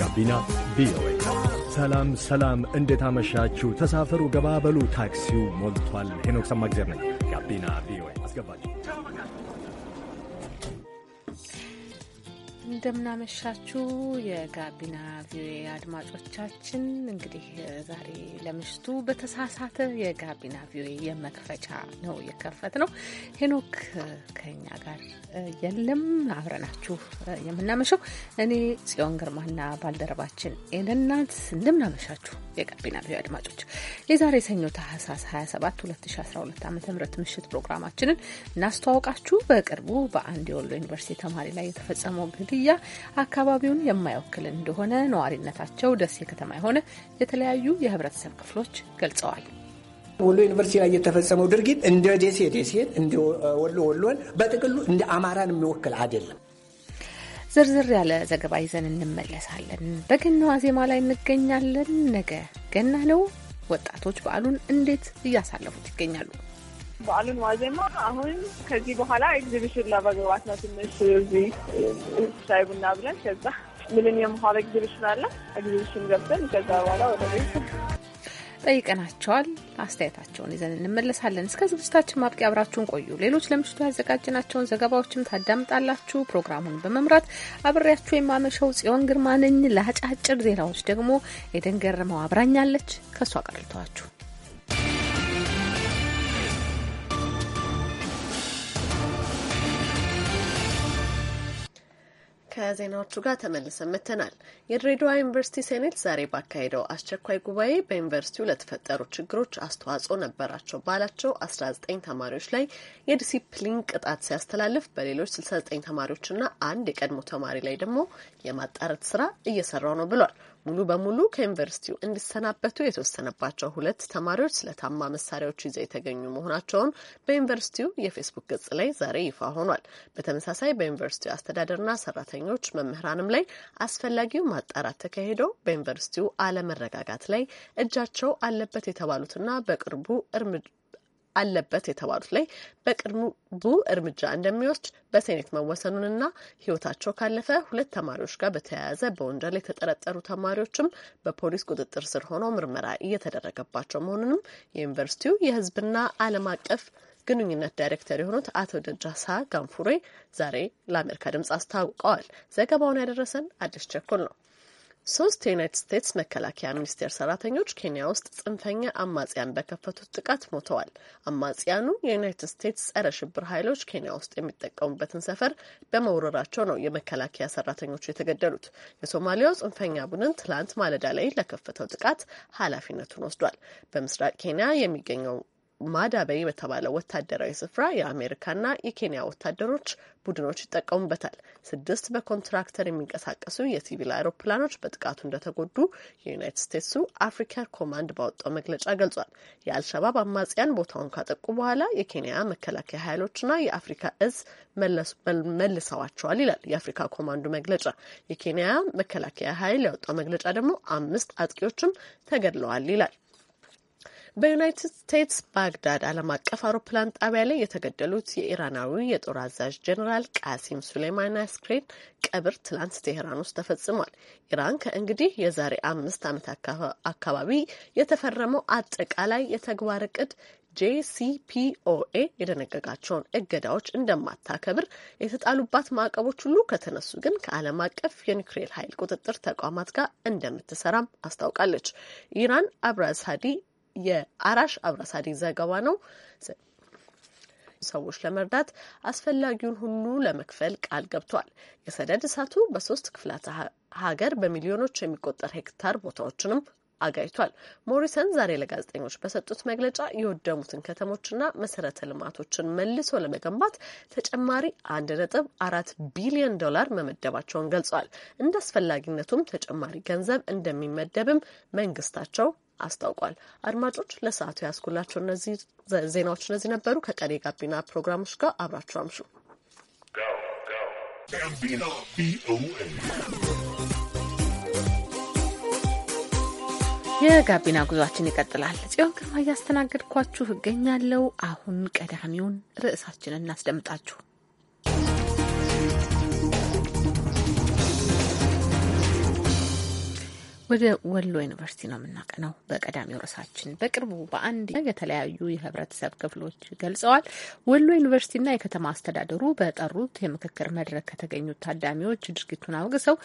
ጋቢና ቪኦኤ። ሰላም ሰላም፣ እንዴት አመሻችሁ? ተሳፈሩ፣ ገባ በሉ ታክሲው ሞልቷል። ሄኖክ ሰማግዜር ነኝ። ጋቢና ቪኦኤ አስገባችሁ። እንደምናመሻችሁ የጋቢና ቪኦኤ አድማጮቻችን፣ እንግዲህ ዛሬ ለምሽቱ በተሳሳተ የጋቢና ቪኦኤ የመክፈቻ ነው የከፈት ነው። ሄኖክ ከኛ ጋር የለም፣ አብረናችሁ የምናመሸው እኔ ጽዮን ግርማና ባልደረባችን ኤደናት። እንደምናመሻችሁ የጋቢና ቪኦኤ አድማጮች፣ የዛሬ ሰኞ ታህሳስ 27 2012 ዓ ም ምሽት ፕሮግራማችንን እናስተዋውቃችሁ። በቅርቡ በአንድ የወሎ ዩኒቨርሲቲ ተማሪ ላይ የተፈጸመው ግድያ ኩባንያ አካባቢውን የማይወክል እንደሆነ ነዋሪነታቸው ደሴ ከተማ የሆነ የተለያዩ የህብረተሰብ ክፍሎች ገልጸዋል። ወሎ ዩኒቨርሲቲ ላይ የተፈጸመው ድርጊት እንደ ደሴ ደሴን እንደ ወሎ ወሎን በጥቅሉ እንደ አማራን የሚወክል አይደለም። ዝርዝር ያለ ዘገባ ይዘን እንመለሳለን። በገናዋ ዜማ ላይ እንገኛለን። ነገ ገና ነው። ወጣቶች በዓሉን እንዴት እያሳለፉት ይገኛሉ? በዓሉን ዋዜማ አሁን ከዚህ በኋላ ኤግዚቢሽን ለመግባት ነው። ትንሽ እዚህ ሻይ ቡና ብለን ከዛ ሚሊኒየም ሆል ኤግዚቢሽን አለ። ኤግዚቢሽን ገብተን ከዛ በኋላ ወደ ቤት ጠይቀናቸዋል። አስተያየታቸውን ይዘን እንመለሳለን። እስከ ዝግጅታችን ማብቂያ አብራችሁን ቆዩ። ሌሎች ለምሽቱ ያዘጋጅናቸውን ዘገባዎችም ታዳምጣላችሁ። ፕሮግራሙን በመምራት አብሬያችሁ የማመሸው ጽዮን ግርማ ነኝ። ለአጫጭር ዜናዎች ደግሞ የደን ገርመው አብራኛለች። ከእሷ ቀርልተዋችሁ ከዜናዎቹ ጋር ተመልሰን መጥተናል። የድሬዳዋ ዩኒቨርሲቲ ሴኔት ዛሬ ባካሄደው አስቸኳይ ጉባኤ በዩኒቨርሲቲው ለተፈጠሩ ችግሮች አስተዋጽኦ ነበራቸው ባላቸው 19 ተማሪዎች ላይ የዲሲፕሊን ቅጣት ሲያስተላልፍ በሌሎች 69 ተማሪዎችና አንድ የቀድሞ ተማሪ ላይ ደግሞ የማጣረት ስራ እየሰራው ነው ብሏል። ሙሉ በሙሉ ከዩኒቨርሲቲው እንዲሰናበቱ የተወሰነባቸው ሁለት ተማሪዎች ስለታማ መሳሪያዎች ይዘው የተገኙ መሆናቸውን በዩኒቨርሲቲው የፌስቡክ ገጽ ላይ ዛሬ ይፋ ሆኗል። በተመሳሳይ በዩኒቨርሲቲው አስተዳደርና ሰራተኞች፣ መምህራንም ላይ አስፈላጊው ማጣራት ተካሂዶ በዩኒቨርሲቲው አለመረጋጋት ላይ እጃቸው አለበት የተባሉትና በቅርቡ እርምጃ አለበት የተባሉት ላይ በቅርቡ እርምጃ እንደሚወስድ በሴኔት መወሰኑንና ሕይወታቸው ካለፈ ሁለት ተማሪዎች ጋር በተያያዘ በወንጀል የተጠረጠሩ ተማሪዎችም በፖሊስ ቁጥጥር ስር ሆነው ምርመራ እየተደረገባቸው መሆኑንም የዩኒቨርሲቲው የሕዝብና ዓለም አቀፍ ግንኙነት ዳይሬክተር የሆኑት አቶ ደጃሳ ጋንፉሬ ዛሬ ለአሜሪካ ድምጽ አስታውቀዋል። ዘገባውን ያደረሰን አዲስ ቸኮል ነው። ሶስት የዩናይትድ ስቴትስ መከላከያ ሚኒስቴር ሰራተኞች ኬንያ ውስጥ ጽንፈኛ አማጽያን በከፈቱት ጥቃት ሞተዋል። አማጽያኑ የዩናይትድ ስቴትስ ጸረ ሽብር ኃይሎች ኬንያ ውስጥ የሚጠቀሙበትን ሰፈር በመውረራቸው ነው የመከላከያ ሰራተኞቹ የተገደሉት። የሶማሊያው ጽንፈኛ ቡድን ትላንት ማለዳ ላይ ለከፈተው ጥቃት ኃላፊነቱን ወስዷል። በምስራቅ ኬንያ የሚገኘው ማዳበኒ በተባለው ወታደራዊ ስፍራ የአሜሪካና የኬንያ ወታደሮች ቡድኖች ይጠቀሙበታል። ስድስት በኮንትራክተር የሚንቀሳቀሱ የሲቪል አውሮፕላኖች በጥቃቱ እንደተጎዱ የዩናይትድ ስቴትሱ አፍሪካ ኮማንድ ባወጣው መግለጫ ገልጿል። የአልሸባብ አማጽያን ቦታውን ካጠቁ በኋላ የኬንያ መከላከያ ኃይሎችና የአፍሪካ እዝ መልሰዋቸዋል ይላል የአፍሪካ ኮማንዱ መግለጫ። የኬንያ መከላከያ ኃይል ያወጣው መግለጫ ደግሞ አምስት አጥቂዎችም ተገድለዋል ይላል። በዩናይትድ ስቴትስ ባግዳድ ዓለም አቀፍ አውሮፕላን ጣቢያ ላይ የተገደሉት የኢራናዊ የጦር አዛዥ ጀኔራል ቃሲም ሱሌማኒ አስክሬን ቀብር ትላንት ቴህራን ውስጥ ተፈጽሟል። ኢራን ከእንግዲህ የዛሬ አምስት ዓመት አካባቢ የተፈረመው አጠቃላይ የተግባር እቅድ ጄሲፒኦኤ የደነገጋቸውን እገዳዎች እንደማታከብር የተጣሉባት ማዕቀቦች ሁሉ ከተነሱ ግን ከዓለም አቀፍ የኒውክሌር ኃይል ቁጥጥር ተቋማት ጋር እንደምትሰራም አስታውቃለች። ኢራን አብራዝ ሀዲ የአራሽ አብራሳዴ ዘገባ ነው። ሰዎች ለመርዳት አስፈላጊውን ሁሉ ለመክፈል ቃል ገብቷል። የሰደድ እሳቱ በሶስት ክፍላት ሀገር በሚሊዮኖች የሚቆጠር ሄክታር ቦታዎችንም አጋይቷል። ሞሪሰን ዛሬ ለጋዜጠኞች በሰጡት መግለጫ የወደሙትን ከተሞችና መሰረተ ልማቶችን መልሶ ለመገንባት ተጨማሪ አንድ ነጥብ አራት ቢሊዮን ዶላር መመደባቸውን ገልጿል። እንደ አስፈላጊነቱም ተጨማሪ ገንዘብ እንደሚመደብም መንግስታቸው አስታውቋል። አድማጮች ለሰዓቱ ያስኩላቸው እነዚህ ዜናዎች እነዚህ ነበሩ። ከቀሪ ጋቢና ፕሮግራሞች ጋር አብራችሁ አምሹ። የጋቢና ጉዟችን ይቀጥላል። ጽዮን ግርማ እያስተናገድኳችሁ እገኛለሁ። አሁን ቀዳሚውን ርዕሳችንን እናስደምጣችሁ። ወደ ወሎ ዩኒቨርሲቲ ነው የምናቀነው። በቀዳሚው ርዕሳችን በቅርቡ በአንድ የተለያዩ የህብረተሰብ ክፍሎች ገልጸዋል። ወሎ ዩኒቨርሲቲና የከተማ አስተዳደሩ በጠሩት የምክክር መድረክ ከተገኙት ታዳሚዎች ድርጊቱን አውግሰው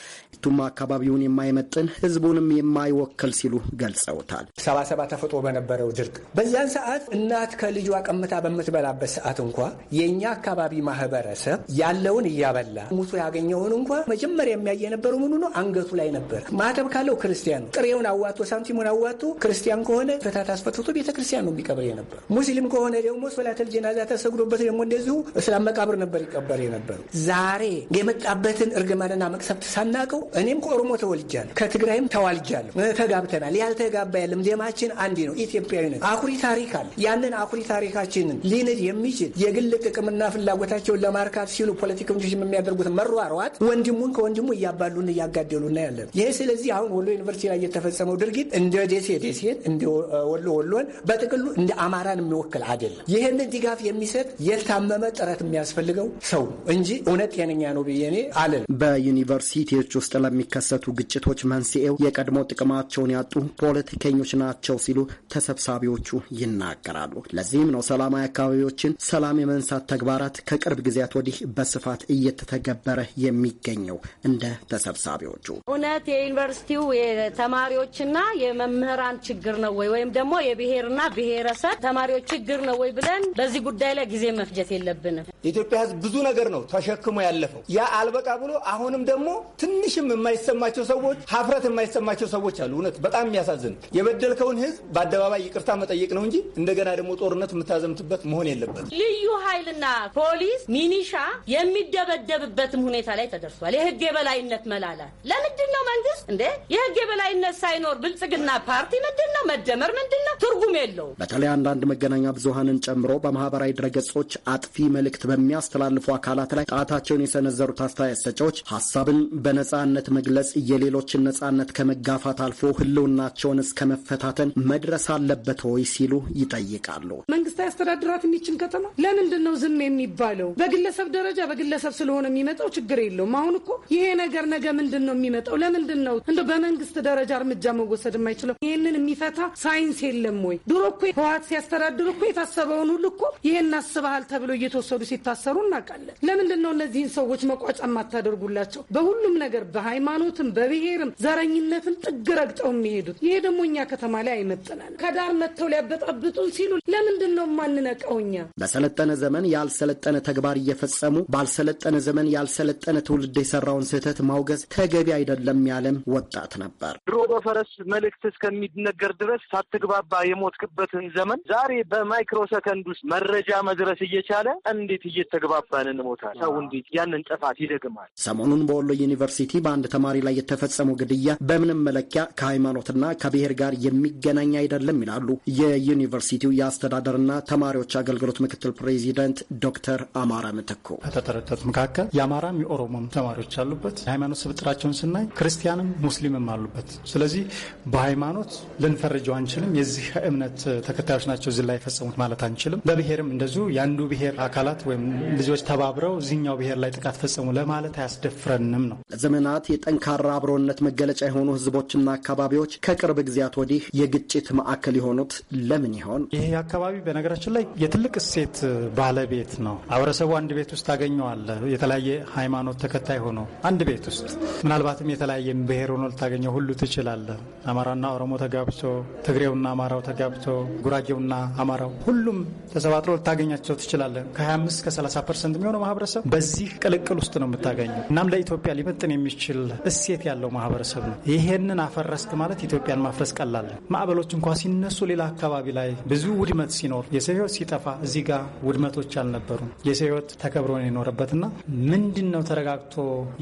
ቱማ አካባቢውን የማይመጥን ህዝቡንም የማይወክል ሲሉ ገልጸውታል። ሰባ ተፈጥሮ በነበረው ድርቅ በዚያን ሰዓት እናት ከልጇ ቀምታ በምትበላበት ሰዓት እንኳ የእኛ አካባቢ ማህበረሰብ ያለውን እያበላ ሙቶ ያገኘውን እንኳ መጀመሪያ የሚያየ የነበረው ምኑ ነው? አንገቱ ላይ ነበር ማተብ ካለው ክርስቲያን ነው። ጥሬውን አዋቶ ሳንቲሙን አዋቶ ክርስቲያን ከሆነ ፍታት አስፈትቶ ክርስቲያን ነው የሚቀብር የነበረ። ሙስሊም ከሆነ ደግሞ ሶላተል ጀናዛ ተሰግዶበት ደግሞ እንደዚሁ እስላም መቃብር ነበር ይቀበር የነበሩ። ዛሬ የመጣበትን እርግማንና መቅሰብት ሳናቀው እኔም ከኦሮሞ ተወልጃለሁ፣ ከትግራይም ተዋልጃለሁ፣ ተጋብተናል። ያልተጋባ ያለም ደማችን አንድ ነው። ኢትዮጵያዊ ኢትዮጵያዊነት አኩሪ ታሪክ አለ። ያንን አኩሪ ታሪካችንን ሊንድ የሚችል የግል ጥቅምና ፍላጎታቸውን ለማርካት ሲሉ ፖለቲከኞች የሚያደርጉት መሯሯጥ ወንድሙን ከወንድሙ እያባሉን እያጋደሉና ያለን ይህ ስለዚህ አሁን ወሎ ዩኒቨርሲቲ ላይ የተፈጸመው ድርጊት እንደ ደሴ ደሴን እንደ ወሎ ወሎን በጥቅሉ እንደ አማራን የሚወክል አይደለም። ይህንን ድጋፍ የሚሰጥ የታመመ ጥረት የሚያስፈልገው ሰው እንጂ እውነት ጤነኛ ነው ብዬ እኔ አለን። በዩኒቨርሲቲዎች ውስጥ ለሚከሰቱ ግጭቶች መንስኤው የቀድሞ ጥቅማቸውን ያጡ ፖለቲከኞች ናቸው ሲሉ ተሰብሳቢዎቹ ይናገራሉ። ለዚህም ነው ሰላማዊ አካባቢዎችን ሰላም የመንሳት ተግባራት ከቅርብ ጊዜያት ወዲህ በስፋት እየተተገበረ የሚገኘው። እንደ ተሰብሳቢዎቹ እውነት የዩኒቨርሲቲው የተማሪዎችና የመምህራን ችግር ነው ወይ ወይም ደግሞ የብሔርና ብሔረሰብ ተማሪዎች ችግር ነው ወይ ብለን በዚህ ጉዳይ ላይ ጊዜ መፍጀት የለብንም። የኢትዮጵያ ሕዝብ ብዙ ነገር ነው ተሸክሞ ያለፈው። ያ አልበቃ ብሎ አሁንም ደግሞ ትንሽም የማይሰማቸው ሰዎች፣ ሀፍረት የማይሰማቸው ሰዎች አሉ። እውነት በጣም የሚያሳዝን የበደልከውን ሕዝብ በአደባባይ ይቅርታ መጠየቅ ነው እንጂ እንደገና ደግሞ ጦርነት የምታዘምትበት መሆን የለበትም። ልዩ ኃይልና ፖሊስ ሚኒሻ የሚደበደብበትም ሁኔታ ላይ ተደርሷል። የህግ የበላይነት መላላት ለምንድን ነው መንግስት እንዴ የህግ የበላይነት ሳይኖር ብልጽግና ፓርቲ ምንድን ነው? መደመር ምንድን ነው? ትርጉም የለው በተለይ አንዳንድ መገናኛ ብዙሀንን ጨምሮ በማህበራዊ ድረገጾች አጥፊ መልእክት በሚያስተላልፉ አካላት ላይ ጣታቸውን የሰነዘሩት አስተያየት ሰጫዎች ሀሳብን በነጻነት መግለጽ የሌሎችን ነጻነት ከመጋፋት አልፎ ህልውናቸውን እስከ መፈታተን መድረስ አለበት ወይ ሲሉ ይጠይቃሉ። መንግስት ያስተዳድራት የሚችን ከተማ ለምንድን ነው ዝም የሚባለው? በግለሰብ ደረጃ በግለሰብ ስለሆነ የሚመጣው ችግር የለውም። አሁን እኮ ይሄ ነገር ነገ ምንድን ነው የሚመጣው? ለምንድን ነው እንደ በመንግስት በመንግስት ደረጃ እርምጃ መወሰድ የማይችለው ይህንን የሚፈታ ሳይንስ የለም ወይ? ድሮ እኮ ህወሓት ሲያስተዳድር እኮ የታሰበውን ሁሉ እኮ ይህን አስበሃል ተብሎ እየተወሰዱ ሲታሰሩ እናውቃለን። ለምንድን ነው እነዚህን ሰዎች መቋጫ የማታደርጉላቸው? በሁሉም ነገር በሃይማኖትም፣ በብሔርም፣ ዘረኝነትም ጥግ ረግጠው የሚሄዱት ይሄ ደግሞ እኛ ከተማ ላይ አይመጥናል። ከዳር መጥተው ሊያበጣብጡን ሲሉ ለምንድን ነው ማንነቀው? እኛ በሰለጠነ ዘመን ያልሰለጠነ ተግባር እየፈጸሙ ባልሰለጠነ ዘመን ያልሰለጠነ ትውልድ የሰራውን ስህተት ማውገዝ ተገቢ አይደለም ያለም ወጣት ነበር። ነበር። ድሮ በፈረስ መልእክት እስከሚነገር ድረስ ሳትግባባ የሞትክበትን ዘመን ዛሬ በማይክሮሰከንድ ውስጥ መረጃ መድረስ እየቻለ እንዴት እየተግባባን እንሞታል? ሰው እንዴት ያንን ጥፋት ይደግማል? ሰሞኑን በወሎ ዩኒቨርሲቲ በአንድ ተማሪ ላይ የተፈጸመው ግድያ በምንም መለኪያ ከሃይማኖትና ከብሔር ጋር የሚገናኝ አይደለም ይላሉ የዩኒቨርሲቲው የአስተዳደርና ተማሪዎች አገልግሎት ምክትል ፕሬዚደንት ዶክተር አማረ ምትኩ። ከተተረተሩት መካከል የአማራም የኦሮሞም ተማሪዎች አሉበት። የሃይማኖት ስብጥራቸውን ስናይ ክርስቲያንም ሙስሊምም አሉ ያሉበት። ስለዚህ በሃይማኖት ልንፈርጀው አንችልም። የዚህ እምነት ተከታዮች ናቸው እዚህ ላይ የፈጸሙት ማለት አንችልም። በብሔርም እንደዚሁ የአንዱ ብሔር አካላት ወይም ልጆች ተባብረው እዚህኛው ብሔር ላይ ጥቃት ፈጸሙ ለማለት አያስደፍረንም ነው። ዘመናት የጠንካራ አብሮነት መገለጫ የሆኑ ህዝቦችና አካባቢዎች ከቅርብ ጊዜያት ወዲህ የግጭት ማዕከል የሆኑት ለምን ይሆን? ይህ አካባቢ በነገራችን ላይ የትልቅ እሴት ባለቤት ነው። ማህበረሰቡ አንድ ቤት ውስጥ ታገኘዋለ። የተለያየ ሃይማኖት ተከታይ ሆኖ አንድ ቤት ውስጥ ምናልባትም የተለያየ ብሔር ሆኖ ልታገኘው ሁሉ ትችላለህ። አማራና ኦሮሞ ተጋብቶ፣ ትግሬውና አማራው ተጋብቶ፣ ጉራጌውና አማራው ሁሉም ተሰባጥሮ ልታገኛቸው ትችላለህ። ከ25 እስከ 30 ፐርሰንት የሚሆነው ማህበረሰብ በዚህ ቅልቅል ውስጥ ነው የምታገኘው። እናም ለኢትዮጵያ ሊመጥን የሚችል እሴት ያለው ማህበረሰብ ነው። ይሄንን አፈረስክ ማለት ኢትዮጵያን ማፍረስ ቀላለን ማዕበሎች እንኳ ሲነሱ ሌላ አካባቢ ላይ ብዙ ውድመት ሲኖር፣ የሰው ህይወት ሲጠፋ እዚህ ጋር ውድመቶች አልነበሩም። የሰው ህይወት ነው የኖረበትና ምንድን ነው ተረጋግቶ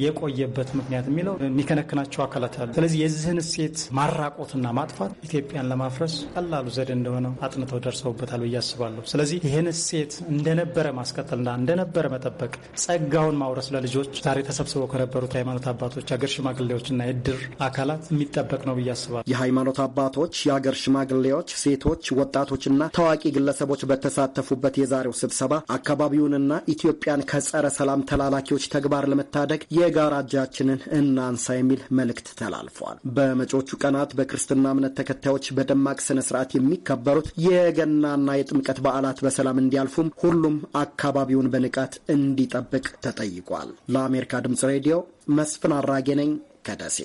የቆየበት ምክንያት የሚለው የሚከነክናቸው አካላት አሉ። ስለዚህ የዚህን እሴት ማራቆትና ማጥፋት ኢትዮጵያን ለማፍረስ ቀላሉ ዘዴ እንደሆነ አጥንተው ደርሰውበታል ብዬ አስባለሁ። ስለዚህ ይህን እሴት እንደነበረ ማስቀጠልና እንደነበረ መጠበቅ፣ ጸጋውን ማውረስ ለልጆች ዛሬ ተሰብስበው ከነበሩት የሃይማኖት አባቶች፣ የአገር ሽማግሌዎችና የድር አካላት የሚጠበቅ ነው ብዬ አስባለሁ። የሃይማኖት አባቶች፣ የአገር ሽማግሌዎች፣ ሴቶች፣ ወጣቶችና ታዋቂ ግለሰቦች በተሳተፉበት የዛሬው ስብሰባ አካባቢውንና ኢትዮጵያን ከጸረ ሰላም ተላላኪዎች ተግባር ለመታደግ የጋራ እጃችንን እናንሳ የሚል መልእክት ተላልፏል። ተናግረዋል። በመጪዎቹ ቀናት በክርስትና እምነት ተከታዮች በደማቅ ስነ ስርዓት የሚከበሩት የገናና የጥምቀት በዓላት በሰላም እንዲያልፉም ሁሉም አካባቢውን በንቃት እንዲጠብቅ ተጠይቋል። ለአሜሪካ ድምጽ ሬዲዮ መስፍን አራጌ ነኝ ከደሴ።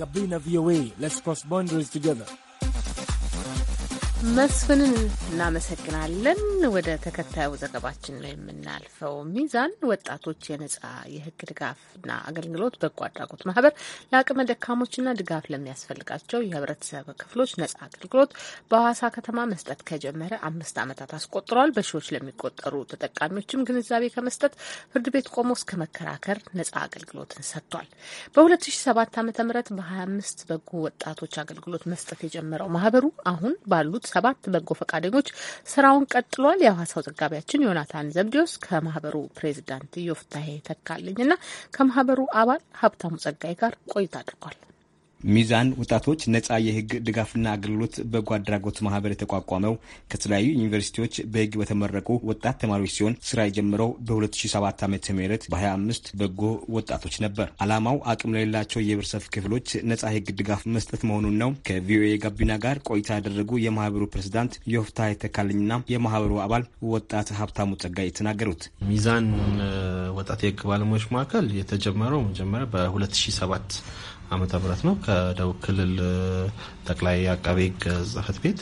ጋቢና ቪኦኤ ሌትስ ክሮስ ባውንደሪስ ቱጌዘር መስፍንን እናመሰግናለን። ወደ ተከታዩ ዘገባችን ነው የምናልፈው። ሚዛን ወጣቶች የነጻ የህግ ድጋፍና አገልግሎት በጎ አድራጎት ማህበር ለአቅመ ደካሞችና ድጋፍ ለሚያስፈልጋቸው የህብረተሰብ ክፍሎች ነጻ አገልግሎት በሐዋሳ ከተማ መስጠት ከጀመረ አምስት ዓመታት አስቆጥሯል። በሺዎች ለሚቆጠሩ ተጠቃሚዎችም ግንዛቤ ከመስጠት ፍርድ ቤት ቆሞ እስከ መከራከር ነጻ አገልግሎትን ሰጥቷል። በ2007 ዓ ም በ25 በጎ ወጣቶች አገልግሎት መስጠት የጀመረው ማህበሩ አሁን ባሉት ሰባት በጎ ፈቃደኞች ስራውን ቀጥሏል። የሐዋሳው ዘጋቢያችን ዮናታን ዘብዲዮስ ከማህበሩ ፕሬዚዳንት ዮፍታሄ ተካልኝና ከማህበሩ አባል ሀብታሙ ጸጋይ ጋር ቆይታ አድርጓል። ሚዛን ወጣቶች ነጻ የህግ ድጋፍና አገልግሎት በጎ አድራጎት ማህበር የተቋቋመው ከተለያዩ ዩኒቨርሲቲዎች በህግ በተመረቁ ወጣት ተማሪዎች ሲሆን ስራ የጀምረው በ2007 ዓ ም በ25 በጎ ወጣቶች ነበር። አላማው አቅም ለሌላቸው የህብረተሰብ ክፍሎች ነጻ የህግ ድጋፍ መስጠት መሆኑን ነው ከቪኦኤ ጋቢና ጋር ቆይታ ያደረጉ የማህበሩ ፕሬዚዳንት የወፍታ የተካልኝና የማህበሩ አባል ወጣት ሀብታሙ ጸጋይ የተናገሩት። ሚዛን ወጣት የህግ ባለሙያዎች መካከል የተጀመረው መጀመሪያ በ2007 ዓመተ ምህረት ነው ከደቡብ ክልል ጠቅላይ አቃቤ ሕግ ጽህፈት ቤት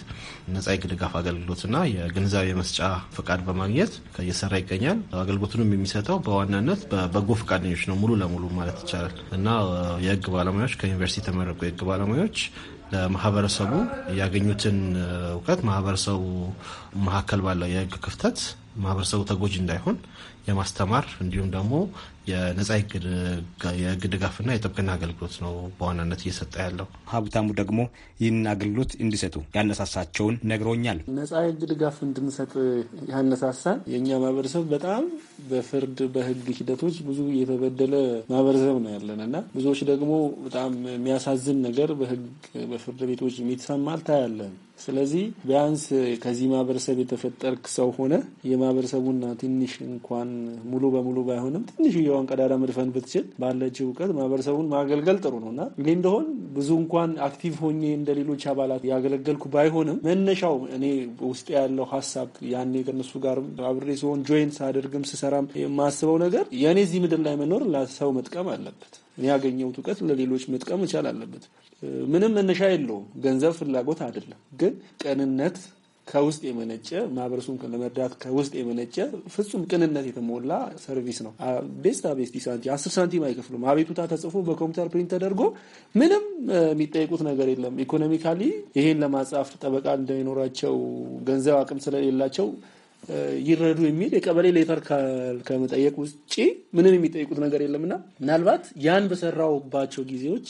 ነጻ የሕግ ድጋፍ አገልግሎትና የግንዛቤ መስጫ ፍቃድ በማግኘት እየሰራ ይገኛል። አገልግሎቱንም የሚሰጠው በዋናነት በበጎ ፍቃደኞች ነው ሙሉ ለሙሉ ማለት ይቻላል እና የሕግ ባለሙያዎች ከዩኒቨርሲቲ የተመረቁ የሕግ ባለሙያዎች ለማህበረሰቡ ያገኙትን እውቀት ማህበረሰቡ መካከል ባለው የህግ ክፍተት ማህበረሰቡ ተጎጂ እንዳይሆን የማስተማር እንዲሁም ደግሞ የነጻ የህግ ድጋፍና የጥብቅና አገልግሎት ነው በዋናነት እየሰጠ ያለው። ሀብታሙ ደግሞ ይህን አገልግሎት እንዲሰጡ ያነሳሳቸውን ነግሮኛል። ነጻ የህግ ድጋፍ እንድንሰጥ ያነሳሳል። የእኛ ማህበረሰብ በጣም በፍርድ በህግ ሂደቶች ብዙ የተበደለ ማህበረሰብ ነው ያለን እና ብዙዎች ደግሞ በጣም የሚያሳዝን ነገር በህግ በፍርድ ቤቶች የሚሰማ አልታያለን ስለዚህ ቢያንስ ከዚህ ማህበረሰብ የተፈጠርክ ሰው ሆነ የማህበረሰቡና ትንሽ እንኳን ሙሉ በሙሉ ባይሆንም ትንሽዬዋን ቀዳዳ መድፈን ብትችል ባለችው እውቀት ማህበረሰቡን ማገልገል ጥሩ ነው እና እኔ እንደሆን ብዙ እንኳን አክቲቭ ሆኜ እንደ ሌሎች አባላት ያገለገልኩ ባይሆንም መነሻው እኔ ውስጥ ያለው ሀሳብ ያኔ ከነሱ ጋር አብሬ ሲሆን ጆይንት ሳደርግም ስሰራም የማስበው ነገር የእኔ እዚህ ምድር ላይ መኖር ለሰው መጥቀም አለበት። እኔ ያገኘሁት እውቀት ለሌሎች መጥቀም መቻል አለበት። ምንም መነሻ የለውም። ገንዘብ ፍላጎት አይደለም። ግን ቅንነት ከውስጥ የመነጨ ማህበረሰቡን ለመርዳት ከውስጥ የመነጨ ፍጹም ቅንነት የተሞላ ሰርቪስ ነው። ቤስታ ቤስቲ ሳንቲም አስር ሳንቲም አይከፍሉም። አቤቱታ ተጽፎ በኮምፒውተር ፕሪንት ተደርጎ ምንም የሚጠይቁት ነገር የለም። ኢኮኖሚካሊ ይሄን ለማጻፍ ጠበቃ እንደሚኖራቸው ገንዘብ አቅም ስለሌላቸው ይረዱ የሚል የቀበሌ ሌተር ከመጠየቅ ውጭ ምንም የሚጠይቁት ነገር የለምና ምናልባት ያን በሰራውባቸው ጊዜዎች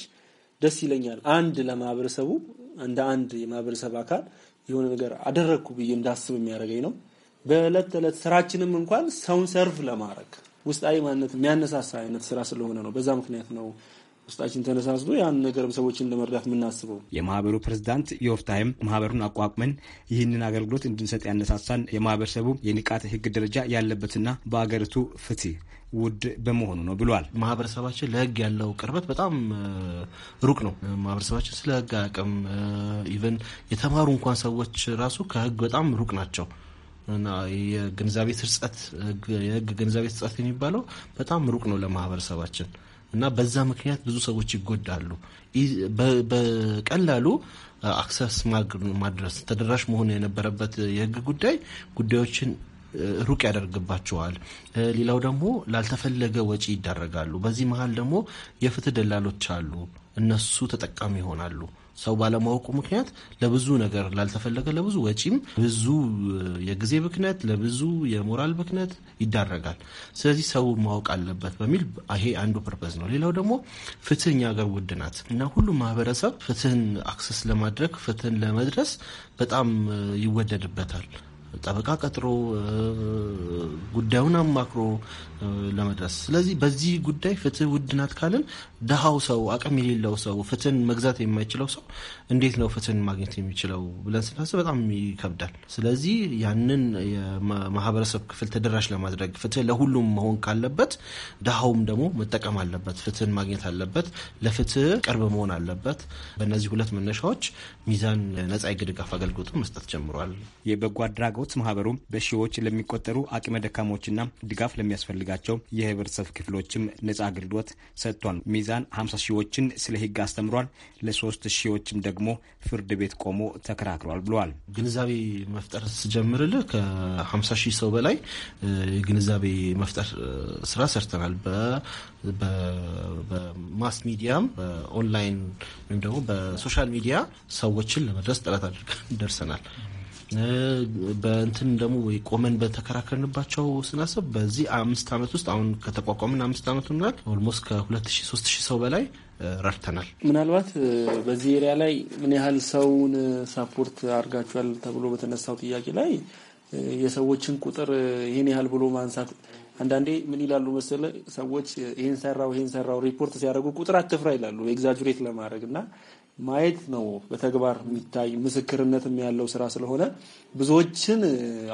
ደስ ይለኛል። አንድ ለማህበረሰቡ እንደ አንድ የማህበረሰብ አካል የሆነ ነገር አደረግኩ ብዬ እንዳስብ የሚያደርገኝ ነው። በዕለት ተዕለት ስራችንም እንኳን ሰውን ሰርፍ ለማድረግ ውስጣዊ ማንነት የሚያነሳሳ አይነት ስራ ስለሆነ ነው። በዛ ምክንያት ነው ውስጣችን ተነሳስቶ ያን ነገርም ሰዎችን ለመርዳት የምናስበው። የማህበሩ ፕሬዚዳንት የወፍታይም ማህበሩን አቋቁመን ይህንን አገልግሎት እንድንሰጥ ያነሳሳን የማህበረሰቡ የንቃት ህግ ደረጃ ያለበትና በአገሪቱ ፍትህ ውድ በመሆኑ ነው ብሏል። ማህበረሰባችን ለህግ ያለው ቅርበት በጣም ሩቅ ነው። ማህበረሰባችን ስለ ህግ አቅም ኢቨን የተማሩ እንኳን ሰዎች ራሱ ከህግ በጣም ሩቅ ናቸው እና የግንዛቤ ስርጸት የህግ ግንዛቤ ስርጸት የሚባለው በጣም ሩቅ ነው ለማህበረሰባችን እና በዛ ምክንያት ብዙ ሰዎች ይጎዳሉ። በቀላሉ አክሰስ ማድረስ ተደራሽ መሆን የነበረበት የህግ ጉዳይ ጉዳዮችን ሩቅ ያደርግባቸዋል። ሌላው ደግሞ ላልተፈለገ ወጪ ይዳረጋሉ። በዚህ መሀል ደግሞ የፍትህ ደላሎች አሉ። እነሱ ተጠቃሚ ይሆናሉ። ሰው ባለማወቁ ምክንያት ለብዙ ነገር ላልተፈለገ ለብዙ ወጪም፣ ብዙ የጊዜ ብክነት፣ ለብዙ የሞራል ብክነት ይዳረጋል። ስለዚህ ሰው ማወቅ አለበት በሚል ይሄ አንዱ ፐርፐዝ ነው። ሌላው ደግሞ ፍትህ እኛ ሀገር ውድ ናት እና ሁሉም ማህበረሰብ ፍትህን አክሰስ ለማድረግ ፍትህን ለመድረስ በጣም ይወደድበታል። ጠበቃ ቀጥሮ ጉዳዩን አማክሮ ለመድረስ። ስለዚህ በዚህ ጉዳይ ፍትህ ውድ ናት ካልን ደሃው ሰው፣ አቅም የሌለው ሰው፣ ፍትህን መግዛት የማይችለው ሰው እንዴት ነው ፍትህን ማግኘት የሚችለው ብለን ስናስብ በጣም ይከብዳል። ስለዚህ ያንን የማህበረሰብ ክፍል ተደራሽ ለማድረግ ፍትህ ለሁሉም መሆን ካለበት ደሃውም ደግሞ መጠቀም አለበት፣ ፍትህን ማግኘት አለበት፣ ለፍትህ ቅርብ መሆን አለበት። በእነዚህ ሁለት መነሻዎች ሚዛን ነጻ የግድጋፍ አገልግሎትን መስጠት ጀምሯል። የበጎ አድራጎ አድራጎት ማህበሩ በሺዎች ለሚቆጠሩ አቅመ ደካሞችና ድጋፍ ለሚያስፈልጋቸው የህብረተሰብ ክፍሎችም ነጻ አገልግሎት ሰጥቷል። ሚዛን 50 ሺዎችን ስለ ህግ አስተምሯል። ለሶስት ሺዎችም ደግሞ ፍርድ ቤት ቆሞ ተከራክሯል ብለዋል። ግንዛቤ መፍጠር ስጀምርልህ ከ50 ሺህ ሰው በላይ የግንዛቤ መፍጠር ስራ ሰርተናል። በማስ ሚዲያም በኦንላይን ወይም ደግሞ በሶሻል ሚዲያ ሰዎችን ለመድረስ ጥረት አድርገን ደርሰናል። በእንትን ደግሞ ቆመን በተከራከርንባቸው ስናስብ በዚህ አምስት ዓመት ውስጥ አሁን ከተቋቋምን አምስት ዓመት ሆናል። ኦልሞስት ከሁለት ሺህ ሶስት ሰው በላይ ረድተናል። ምናልባት በዚህ ኤሪያ ላይ ምን ያህል ሰውን ሳፖርት አድርጋችኋል ተብሎ በተነሳው ጥያቄ ላይ የሰዎችን ቁጥር ይህን ያህል ብሎ ማንሳት አንዳንዴ ምን ይላሉ መሰለ ሰዎች ይህን ሰራው ይህን ሰራው ሪፖርት ሲያደርጉ ቁጥር አትፍራ ይላሉ ኤግዛጅሬት ለማድረግ እና ማየት ነው በተግባር የሚታይ ምስክርነትም ያለው ስራ ስለሆነ ብዙዎችን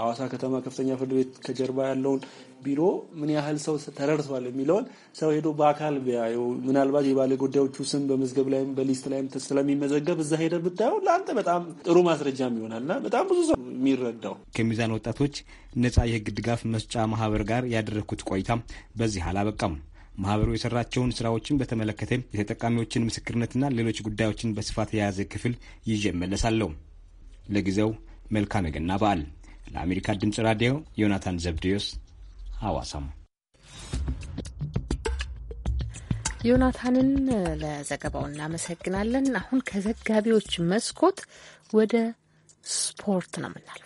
አዋሳ ከተማ ከፍተኛ ፍርድ ቤት ከጀርባ ያለውን ቢሮ ምን ያህል ሰው ተረድቷል የሚለውን ሰው ሄዶ በአካል ቢያየው ምናልባት የባለ ጉዳዮቹ ስም በመዝገብ ላይም በሊስት ላይም ስለሚመዘገብ እዛ ሄደ ብታየው ለአንተ በጣም ጥሩ ማስረጃም ይሆናልና በጣም ብዙ ሰው የሚረዳው። ከሚዛን ወጣቶች ነፃ የህግ ድጋፍ መስጫ ማህበር ጋር ያደረግኩት ቆይታ በዚህ አላበቃም። ማህበሩ የሰራቸውን ስራዎችን በተመለከተ የተጠቃሚዎችን ምስክርነትና ሌሎች ጉዳዮችን በስፋት የያዘ ክፍል ይዤ እመለሳለሁ። ለጊዜው መልካም የገና በዓል። ለአሜሪካ ድምፅ ራዲዮ ዮናታን ዘብድዮስ ሐዋሳም። ዮናታንን ለዘገባው እናመሰግናለን። አሁን ከዘጋቢዎች መስኮት ወደ ስፖርት ነው የምናልፈው።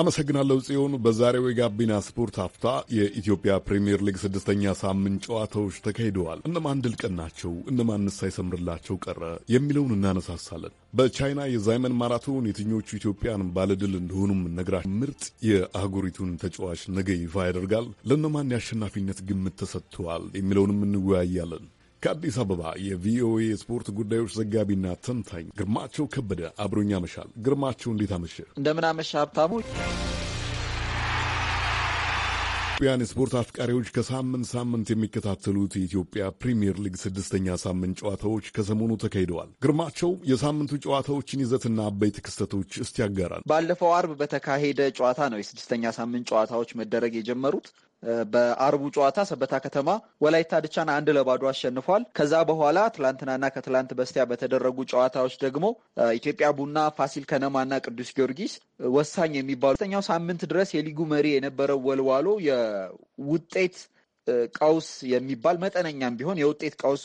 አመሰግናለሁ ጽዮን። በዛሬው የጋቢና ስፖርት ሀፍታ የኢትዮጵያ ፕሪምየር ሊግ ስድስተኛ ሳምንት ጨዋታዎች ተካሂደዋል። እነማን ድል ቀናቸው፣ እነማንስ ሳይሰምርላቸው ቀረ የሚለውን እናነሳሳለን። በቻይና የዛይመን ማራቶን የትኞቹ ኢትዮጵያን ባለድል እንደሆኑም ነግራ ምርጥ የአህጉሪቱን ተጫዋች ነገ ይፋ ያደርጋል። ለእነማን የአሸናፊነት ግምት ተሰጥተዋል የሚለውንም እንወያያለን። ከአዲስ አበባ የቪኦኤ የስፖርት ጉዳዮች ዘጋቢና ተንታኝ ግርማቸው ከበደ አብሮኝ አመሻል። ግርማቸው እንዴት አመሸ? እንደምን አመሻ ሀብታሙ። ኢትዮጵያን የስፖርት አፍቃሪዎች ከሳምንት ሳምንት የሚከታተሉት የኢትዮጵያ ፕሪምየር ሊግ ስድስተኛ ሳምንት ጨዋታዎች ከሰሞኑ ተካሂደዋል። ግርማቸው የሳምንቱ ጨዋታዎችን ይዘትና አበይት ክስተቶች እስቲ ያጋራል። ባለፈው አርብ በተካሄደ ጨዋታ ነው የስድስተኛ ሳምንት ጨዋታዎች መደረግ የጀመሩት። በአርቡ ጨዋታ ሰበታ ከተማ ወላይታ ድቻን አንድ ለባዶ አሸንፏል። ከዛ በኋላ ትላንትናና ከትላንት በስቲያ በተደረጉ ጨዋታዎች ደግሞ ኢትዮጵያ ቡና፣ ፋሲል ከነማና ቅዱስ ጊዮርጊስ ወሳኝ የሚባሉ ኛው ሳምንት ድረስ የሊጉ መሪ የነበረው ወልዋሎ የውጤት ቀውስ የሚባል መጠነኛም ቢሆን የውጤት ቀውስ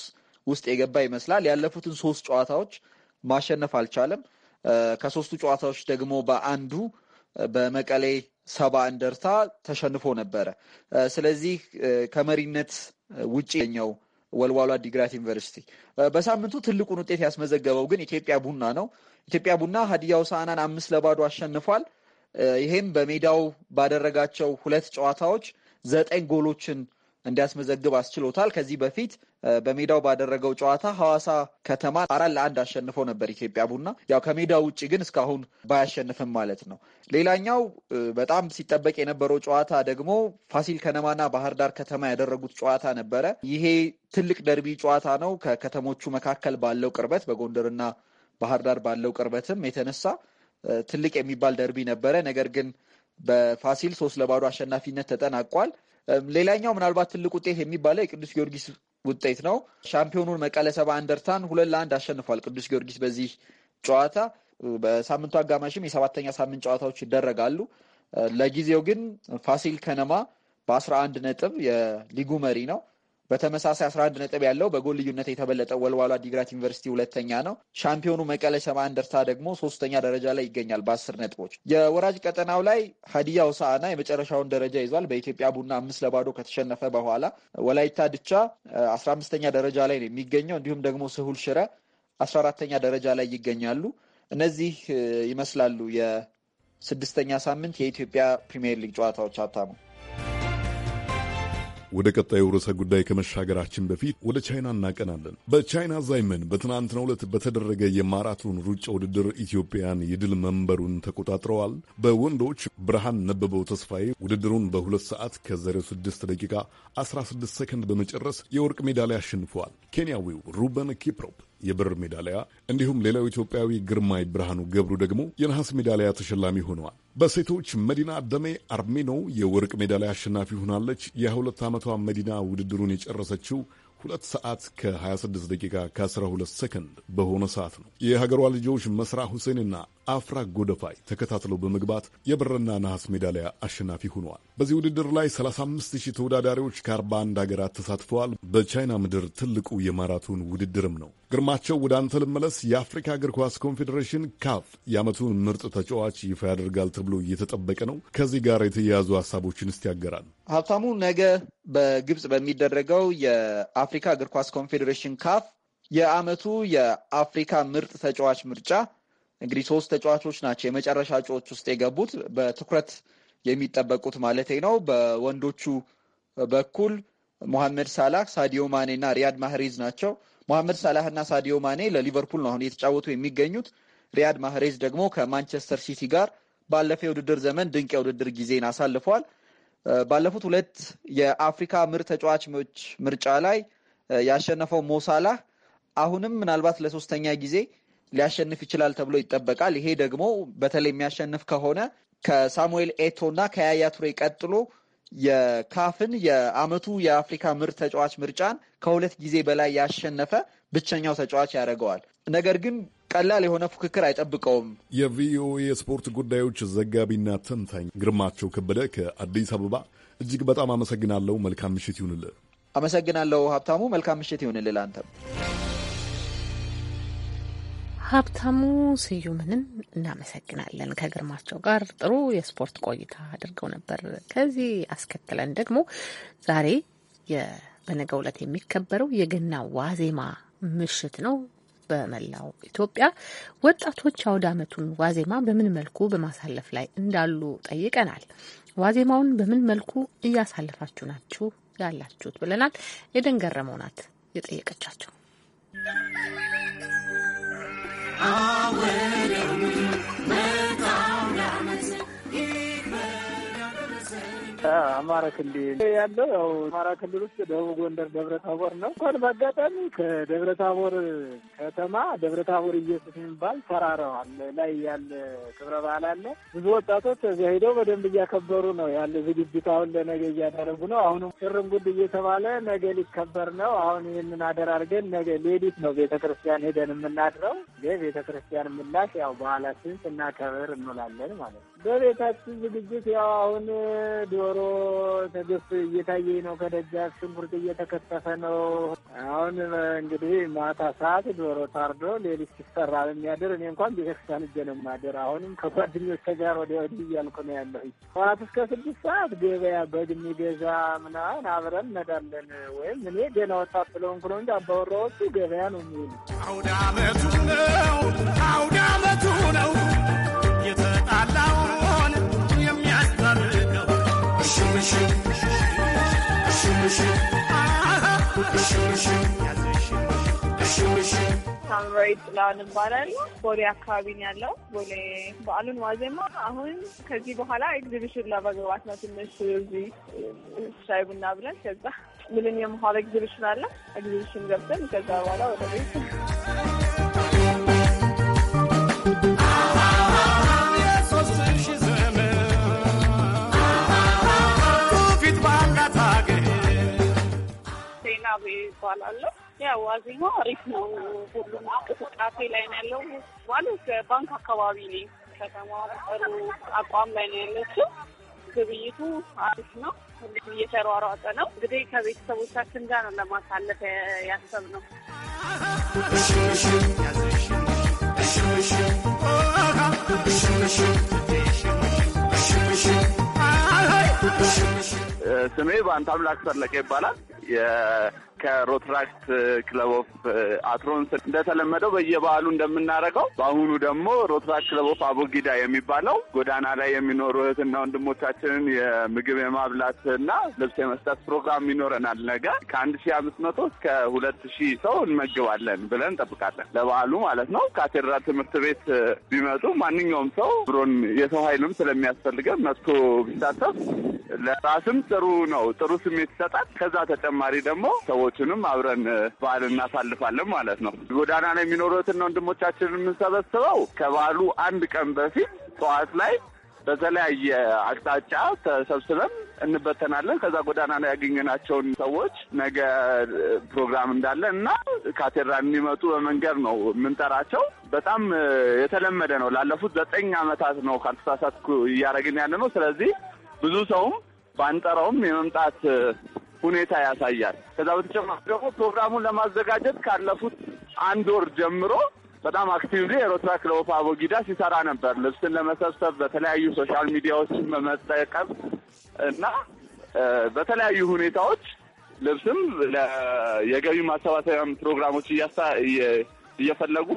ውስጥ የገባ ይመስላል። ያለፉትን ሶስት ጨዋታዎች ማሸነፍ አልቻለም። ከሶስቱ ጨዋታዎች ደግሞ በአንዱ በመቀሌ ሰባ እንደርታ ተሸንፎ ነበረ። ስለዚህ ከመሪነት ውጭ ኛው ወልዋሎ አዲግራት ዩኒቨርሲቲ በሳምንቱ ትልቁን ውጤት ያስመዘገበው ግን ኢትዮጵያ ቡና ነው። ኢትዮጵያ ቡና ሀዲያ ሆሳዕናን አምስት ለባዶ አሸንፏል። ይሄም በሜዳው ባደረጋቸው ሁለት ጨዋታዎች ዘጠኝ ጎሎችን እንዲያስመዘግብ አስችሎታል። ከዚህ በፊት በሜዳው ባደረገው ጨዋታ ሐዋሳ ከተማ አራት ለአንድ አሸንፎ ነበር ኢትዮጵያ ቡና። ያው ከሜዳው ውጭ ግን እስካሁን ባያሸንፍም ማለት ነው። ሌላኛው በጣም ሲጠበቅ የነበረው ጨዋታ ደግሞ ፋሲል ከነማና ባህር ዳር ከተማ ያደረጉት ጨዋታ ነበረ። ይሄ ትልቅ ደርቢ ጨዋታ ነው። ከከተሞቹ መካከል ባለው ቅርበት በጎንደርና ባህር ዳር ባለው ቅርበትም የተነሳ ትልቅ የሚባል ደርቢ ነበረ። ነገር ግን በፋሲል ሶስት ለባዶ አሸናፊነት ተጠናቋል። ሌላኛው ምናልባት ትልቅ ውጤት የሚባለው የቅዱስ ጊዮርጊስ ውጤት ነው። ሻምፒዮኑን መቀለ ሰባ እንደርታን ሁለት ለአንድ አሸንፏል ቅዱስ ጊዮርጊስ በዚህ ጨዋታ። በሳምንቱ አጋማሽም የሰባተኛ ሳምንት ጨዋታዎች ይደረጋሉ። ለጊዜው ግን ፋሲል ከነማ በአስራ አንድ ነጥብ የሊጉ መሪ ነው። በተመሳሳይ 11 ነጥብ ያለው በጎል ልዩነት የተበለጠ ወልዋሏ ዲግራት ዩኒቨርሲቲ ሁለተኛ ነው። ሻምፒዮኑ መቀለ ሰባ እንደርታ ደግሞ ሶስተኛ ደረጃ ላይ ይገኛል በአስር ነጥቦች። የወራጅ ቀጠናው ላይ ሀዲያ ሆሳዕና የመጨረሻውን ደረጃ ይዟል። በኢትዮጵያ ቡና አምስት ለባዶ ከተሸነፈ በኋላ ወላይታ ድቻ አስራ አምስተኛ ደረጃ ላይ ነው የሚገኘው። እንዲሁም ደግሞ ስሁል ሽረ አስራ አራተኛ ደረጃ ላይ ይገኛሉ። እነዚህ ይመስላሉ የስድስተኛ ሳምንት የኢትዮጵያ ፕሪምየር ሊግ ጨዋታዎች ሀብታሙ ወደ ቀጣዩ ርዕሰ ጉዳይ ከመሻገራችን በፊት ወደ ቻይና እናቀናለን። በቻይና ዛይመን በትናንትናው ዕለት በተደረገ የማራቶን ሩጫ ውድድር ኢትዮጵያን የድል መንበሩን ተቆጣጥረዋል። በወንዶች ብርሃን ነበበው ተስፋዬ ውድድሩን በሁለት ሰዓት ከ06 ደቂቃ 16 ሰከንድ በመጨረስ የወርቅ ሜዳሊያ አሸንፈዋል። ኬንያዊው ሩበን ኪፕሮፕ የብር ሜዳሊያ እንዲሁም ሌላው ኢትዮጵያዊ ግርማይ ብርሃኑ ገብሩ ደግሞ የነሐስ ሜዳሊያ ተሸላሚ ሆነዋል። በሴቶች መዲና ደሜ አርሜኖ የወርቅ ሜዳሊያ አሸናፊ ሆናለች። የ2 ዓመቷ መዲና ውድድሩን የጨረሰችው ሁለት ሰዓት ከ26 ደቂቃ ከ12 ሰከንድ በሆነ ሰዓት ነው። የሀገሯ ልጆች መስራ ሁሴንና አፍራ ጎደፋይ ተከታትለው በመግባት የብርና ነሐስ ሜዳሊያ አሸናፊ ሆነዋል። በዚህ ውድድር ላይ 35 ሺህ ተወዳዳሪዎች ከ41 ሀገራት ተሳትፈዋል። በቻይና ምድር ትልቁ የማራቶን ውድድርም ነው። ግርማቸው ወደ አንተ ልመለስ። የአፍሪካ እግር ኳስ ኮንፌዴሬሽን ካፍ የዓመቱን ምርጥ ተጫዋች ይፋ ያደርጋል ተብሎ እየተጠበቀ ነው። ከዚህ ጋር የተያያዙ ሀሳቦችን እስቲ ያገራል። ሀብታሙ፣ ነገ በግብፅ በሚደረገው የአፍሪካ እግር ኳስ ኮንፌዴሬሽን ካፍ የዓመቱ የአፍሪካ ምርጥ ተጫዋች ምርጫ እንግዲህ ሶስት ተጫዋቾች ናቸው የመጨረሻ እጩዎች ውስጥ የገቡት በትኩረት የሚጠበቁት ማለት ነው። በወንዶቹ በኩል ሞሐመድ ሳላህ፣ ሳዲዮ ማኔ እና ሪያድ ማህሬዝ ናቸው። ሞሐመድ ሳላህ እና ሳዲዮ ማኔ ለሊቨርፑል ነው አሁን የተጫወቱ የሚገኙት። ሪያድ ማህሬዝ ደግሞ ከማንቸስተር ሲቲ ጋር ባለፈው የውድድር ዘመን ድንቅ የውድድር ጊዜን አሳልፏል። ባለፉት ሁለት የአፍሪካ ምርጥ ተጫዋቾች ምርጫ ላይ ያሸነፈው ሞሳላህ አሁንም ምናልባት ለሶስተኛ ጊዜ ሊያሸንፍ ይችላል ተብሎ ይጠበቃል። ይሄ ደግሞ በተለይ የሚያሸንፍ ከሆነ ከሳሙኤል ኤቶ እና ከያያ ቱሬ ቀጥሎ የካፍን የአመቱ የአፍሪካ ምርጥ ተጫዋች ምርጫን ከሁለት ጊዜ በላይ ያሸነፈ ብቸኛው ተጫዋች ያደርገዋል። ነገር ግን ቀላል የሆነ ፉክክር አይጠብቀውም። የቪኦኤ የስፖርት ጉዳዮች ዘጋቢና ተንታኝ ግርማቸው ከበደ ከአዲስ አበባ እጅግ በጣም አመሰግናለሁ። መልካም ምሽት ይሁንልህ። አመሰግናለሁ ሀብታሙ። መልካም ምሽት ይሁንልህ አንተም። ሀብታሙ ስዩምንም እናመሰግናለን። ከግርማቸው ጋር ጥሩ የስፖርት ቆይታ አድርገው ነበር። ከዚህ አስከትለን ደግሞ ዛሬ በነገ ዕለት የሚከበረው የገና ዋዜማ ምሽት ነው። በመላው ኢትዮጵያ ወጣቶች አውደ ዓመቱን ዋዜማ በምን መልኩ በማሳለፍ ላይ እንዳሉ ጠይቀናል። ዋዜማውን በምን መልኩ እያሳለፋችሁ ናችሁ ያላችሁት ብለናል። የደን ገረመው ናት የጠየቀቻቸው። Ah, where አማራ ክልል ያለው ያው አማራ ክልል ውስጥ ደቡብ ጎንደር ደብረ ታቦር ነው። እንኳን በአጋጣሚ ከደብረ ታቦር ከተማ ደብረ ታቦር ኢየሱስ የሚባል ተራራዋል ላይ ያለ ክብረ በዓል አለ። ብዙ ወጣቶች እዚያ ሄደው በደንብ እያከበሩ ነው ያለ ዝግጅት አሁን ለነገ እያደረጉ ነው። አሁንም ጉድ እየተባለ ነገ ሊከበር ነው። አሁን ይህንን አደር አድርገን ነገ ሌሊት ነው ቤተ ክርስቲያን ሄደን የምናድረው። ቤተ ክርስቲያን ምላሽ ያው በዓላችን ስናከብር እንውላለን ማለት ነው። በቤታችን ዝግጅት ያው አሁን ዶሮ ተገፍ እየታየ ነው ከደጃፍ ሽንኩርት እየተከተፈ ነው። አሁን እንግዲህ ማታ ሰዓት ዶሮ ታርዶ ሌሊት ሲሰራ የሚያድር እኔ እንኳን ቤተክርስቲያን እጄ ነው የማድር። አሁንም ከጓደኞች ጋር ወደ ወዲህ እያልኩ ነው ያለሁ። ጠዋት እስከ ስድስት ሰዓት ገበያ በግ የሚገዛ ምናምን አብረን እንሄዳለን። ወይም እኔ ገና ወጣት ስለሆንኩ ነው እንጂ አባወራዎቹ ገበያ ነው የሚውሉ። አውዳመቱ ነው አውዳመቱ ነው የተጣላው ሳምራዊት ጥላዋን እባላለሁ። ቦሌ አካባቢ ነው ያለው። ቦሌ በዓሉን ዋዜማ አሁን ከዚህ በኋላ ኤግዚቢሽን ለመግባት ነው። ትንሽ እዚህ ሻይ ቡና ብለን ከዛ ምንም የመኋል ኤግዚቢሽን አለ። ኤግዚቢሽን ገብተን ከዛ በኋላ ወደ ቤት እባላለሁ። ያው ዋዜማ አሪፍ ነው። ሁሉም እንቅስቃሴ ላይ ነው ያለው። ማለት ባንክ አካባቢ ነኝ። ከተማ ጥሩ አቋም ላይ ነው ያለችው። ግብይቱ አሪፍ ነው። ሁሉም እየተሯሯጠ ነው። እንግዲህ ከቤተሰቦቻችን ጋር ነው ለማሳለፍ ያሰብ ነው። ስሜ በአንተ አምላክ ሰለቀ ይባላል። ከሮትራክት ክለብ ኦፍ አትሮንስ እንደተለመደው በየበዓሉ እንደምናደርገው በአሁኑ ደግሞ ሮትራክት ክለብ ኦፍ አቦጊዳ የሚባለው ጎዳና ላይ የሚኖሩ እህትና ወንድሞቻችንን የምግብ የማብላት እና ልብስ የመስጠት ፕሮግራም ይኖረናል። ነገ ከአንድ ሺ አምስት መቶ እስከ ሁለት ሺ ሰው እንመግባለን ብለን እንጠብቃለን። ለበዓሉ ማለት ነው። ካቴድራል ትምህርት ቤት ቢመጡ ማንኛውም ሰው ብሮን የሰው ኃይልም ስለሚያስፈልገን መጥቶ ቢሳተፍ ለራስም ጥሩ ነው፣ ጥሩ ስሜት ይሰጣል። ከዛ ተጨማሪ ደግሞ ሰዎቹንም አብረን በዓል እናሳልፋለን ማለት ነው። ጎዳና ላይ የሚኖሩትን ወንድሞቻችን የምንሰበስበው ከበዓሉ አንድ ቀን በፊት ጠዋት ላይ በተለያየ አቅጣጫ ተሰብስበን እንበተናለን። ከዛ ጎዳና ላይ ያገኘናቸውን ሰዎች ነገ ፕሮግራም እንዳለ እና ካቴድራል የሚመጡ በመንገድ ነው የምንጠራቸው። በጣም የተለመደ ነው። ላለፉት ዘጠኝ ዓመታት ነው ካልተሳሳትኩ እያደረግን ያለ ነው። ስለዚህ ብዙ ሰውም ባንጠራውም የመምጣት ሁኔታ ያሳያል። ከዛ በተጨማሪ ደግሞ ፕሮግራሙን ለማዘጋጀት ካለፉት አንድ ወር ጀምሮ በጣም አክቲቭሊ የሮትራ ክለብ አቦጊዳ ሲሰራ ነበር። ልብስን ለመሰብሰብ በተለያዩ ሶሻል ሚዲያዎችን በመጠቀም እና በተለያዩ ሁኔታዎች ልብስም የገቢ ማሰባሰቢያም ፕሮግራሞች እየፈለጉ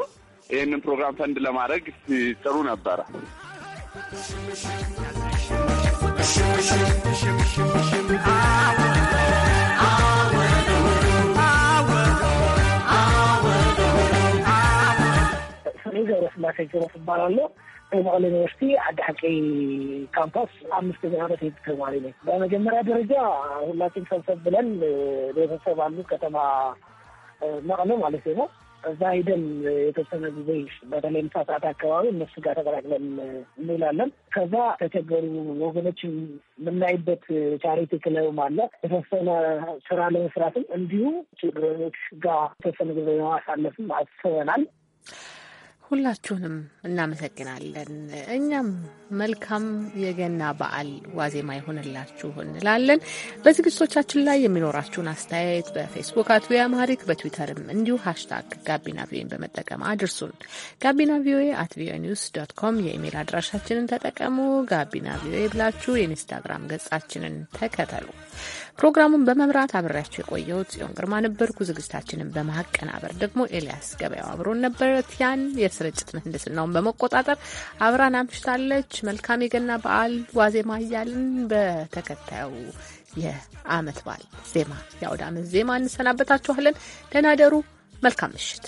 ይህንን ፕሮግራም ፈንድ ለማድረግ ሲጥሩ ነበረ። ገብረስላሴ እባላለሁ። በመቀሌ ዩኒቨርሲቲ አዲ ሓቂ ካምፓስ አምስት ዘህረት ሄድ ተማሪ ነኝ። በመጀመሪያ ደረጃ ሁላችን ሰብሰብ ብለን ቤተሰብ አሉ ከተማ መቀለ ማለት ነው እዛ ሂደን የተወሰነ ጊዜ በተለይ ምሳ ሰዓት አካባቢ እነሱ ጋር ተቀላቅለን እንውላለን። ከዛ ተቸገሩ ወገኖችን የምናይበት ቻሪቲ ክለብም አለ። የተወሰነ ስራ ለመስራትም እንዲሁ ችግረኞች ጋር የተወሰነ ጊዜ ማሳለፍም አስበናል። ሁላችሁንም እናመሰግናለን። እኛም መልካም የገና በዓል ዋዜማ ይሆንላችሁ እንላለን። በዝግጅቶቻችን ላይ የሚኖራችሁን አስተያየት በፌስቡክ አት ቪኦኤ አማሪክ በትዊተርም እንዲሁ ሃሽታግ ጋቢና ቪኦኤን በመጠቀም አድርሱን። ጋቢና ቪኦኤ አት ቪኦኤ ኒውስ ዶት ኮም የኢሜል አድራሻችንን ተጠቀሙ። ጋቢና ቪኦኤ ብላችሁ የኢንስታግራም ገጻችንን ተከተሉ። ፕሮግራሙን በመምራት አብሬያቸው የቆየሁት ጽዮን ግርማ ነበርኩ። ዝግጅታችንን በማቀናበር ደግሞ ኤልያስ ገበያው አብሮን ነበር። ቲያን የስርጭት ምህንድስናውን በመቆጣጠር አብራን አምሽታለች። መልካም የገና በዓል ዋዜማ እያልን በተከታዩ የአመት በዓል ዜማ የአውደ አመት ዜማ እንሰናበታችኋለን። ደህና ደሩ። መልካም ምሽት።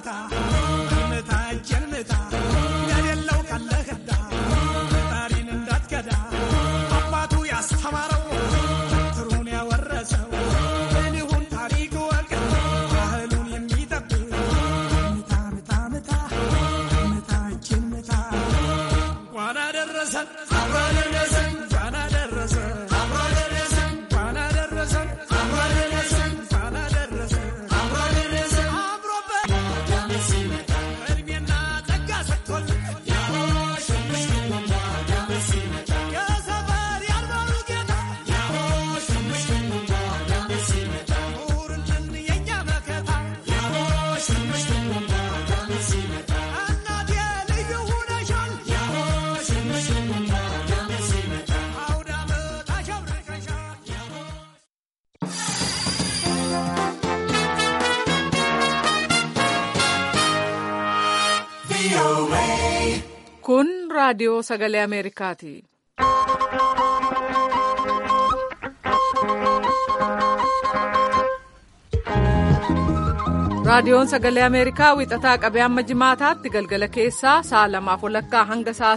planeta. raadiyoo sagalee raadiyoon sagalee ameerikaa wixataa qabee amma jimaataatti galgala keessaa sa'a lamaaf walakkaa hanga sa'a